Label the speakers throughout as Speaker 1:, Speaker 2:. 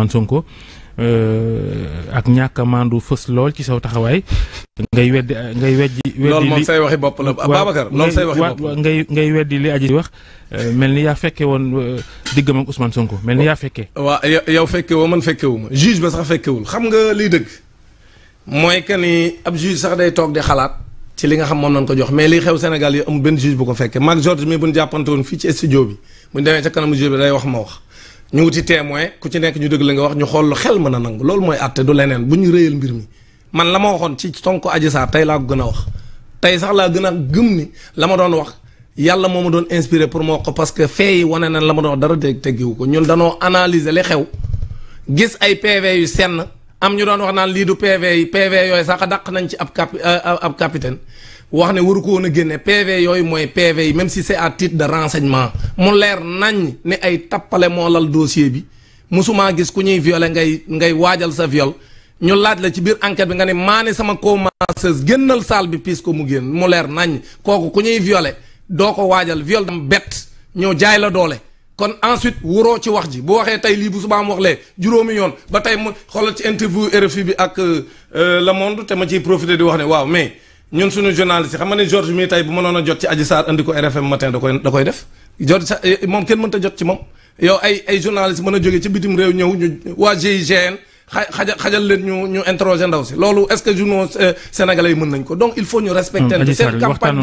Speaker 1: man Sonko euh, ak ñàkk a maandu fës lool ci saw taxawaay ngay weddi ngay weddi loolu moom say waxi bopp la Babacar loolu say waxi bopp ngay ngay weddi li aji wax euh, mel ni yaa fekke woon euh, diggam ak Ousmane Sonko mel ni yaa fekkee
Speaker 2: waaw yow fekke woo man fekke wu ma juge ba sax fekkewul xam nga liy dëgg mooy que ni ab juge sax day toog di xalaat ci li nga xam moom nañ ko jox mais li xew Sénégal yi amul benn juge bu ko fekkee maag George mi buñ jàppante woon fii ci studio bi demee ca bi day wax ma wax ñu wuti témoin ku ci nekk ñu dëgg la nga wax ñu xool lu xel mën a nangu loolu mooy àtte du leneen bu ñu réyal mbir mi man la ma waxoon ci Sonko Adji Sarr tey laa ko gën a wax tey sax laa gën a gëm ni la ma doon wax yàlla moo ma doon inspiré pour ma wax ko parce que fee wane na la ma doon wax dara te teggiwu ko ñun danoo analyser li xew gis ay PV yu senn am ñu doon wax naan lii du PV yi PV yooyu sax dàq nañ ci ab cap euh, ab capitaine wax ne waru ko woon a génne PV yooyu mooy PV yi même ci c'est à titre de renseignement mu leer nañ ne ay tappale moo lal dossier bi musuma gis ku ñuy violé ngay ngay waajal sa viole ñu laaj la ci biir enquête bi nga ne maa ne sama commenceuse génnal saal bi puisque mu génn mu leer nañ kooku ku ñuy viole doo ko waajal viol dam bett ñëw jaay la doole kon ensuite waroo ci wax ji bu waxee tey lii bu subaam wax lee juróomi yoon ba tey mu xoolal ci interview RFI bi ak euh, Le Monde ma ciy profité di wax ne waaw mais ñun suñu journaliste xam nga ne Georges mii tey bu mënoon a jot ci Adji Sarr andi ko RFM matin da koy da koy def Georges eh, moom kenn mënta jot ci moom yow ay ay journaliste mën a jóge ci bitim réew ñëw ñu waa GIGN xaja xajal leen ñu ñu interroger ndaw si loolu est-ce que journaux euh, sénégalais yi mën nañ ko donc il faut ñu respecter nag ca campagne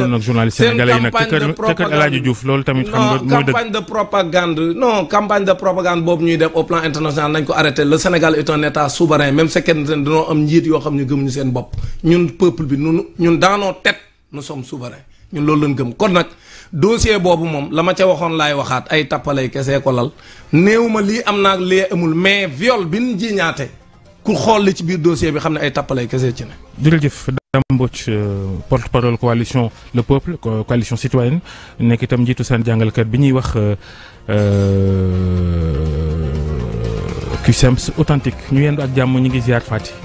Speaker 2: de propagande non campagne de propagande boobu ñuy def au plan international nañ ko arrêter le Sénégal est un souverain même sekkente ne dañoo am njiit yoo xam ne gëmuñu seen bopp ñun peuple bi ñun daanoo tet nous sommes souverains ñun loolu lañ gëm kon nag dossier boobu moom la ma ca waxoon laay waxaat ay tappalay kesee ko lal néew ma lii am naa lii amul mais viol bi ñu jiñaate ku xool li ci biir dossier bi xam ne ay tappalay kesee ci ne. jërëjëf Dame
Speaker 1: Mbodj euh, porte-parole coalition le peuple coalition citoyenne nekk itam njiitu seen jàngalkat bi ñuy wax. Euh, euh, QCM e authentique ñu yendu ak jàmm ñu ngi ziar Fatick.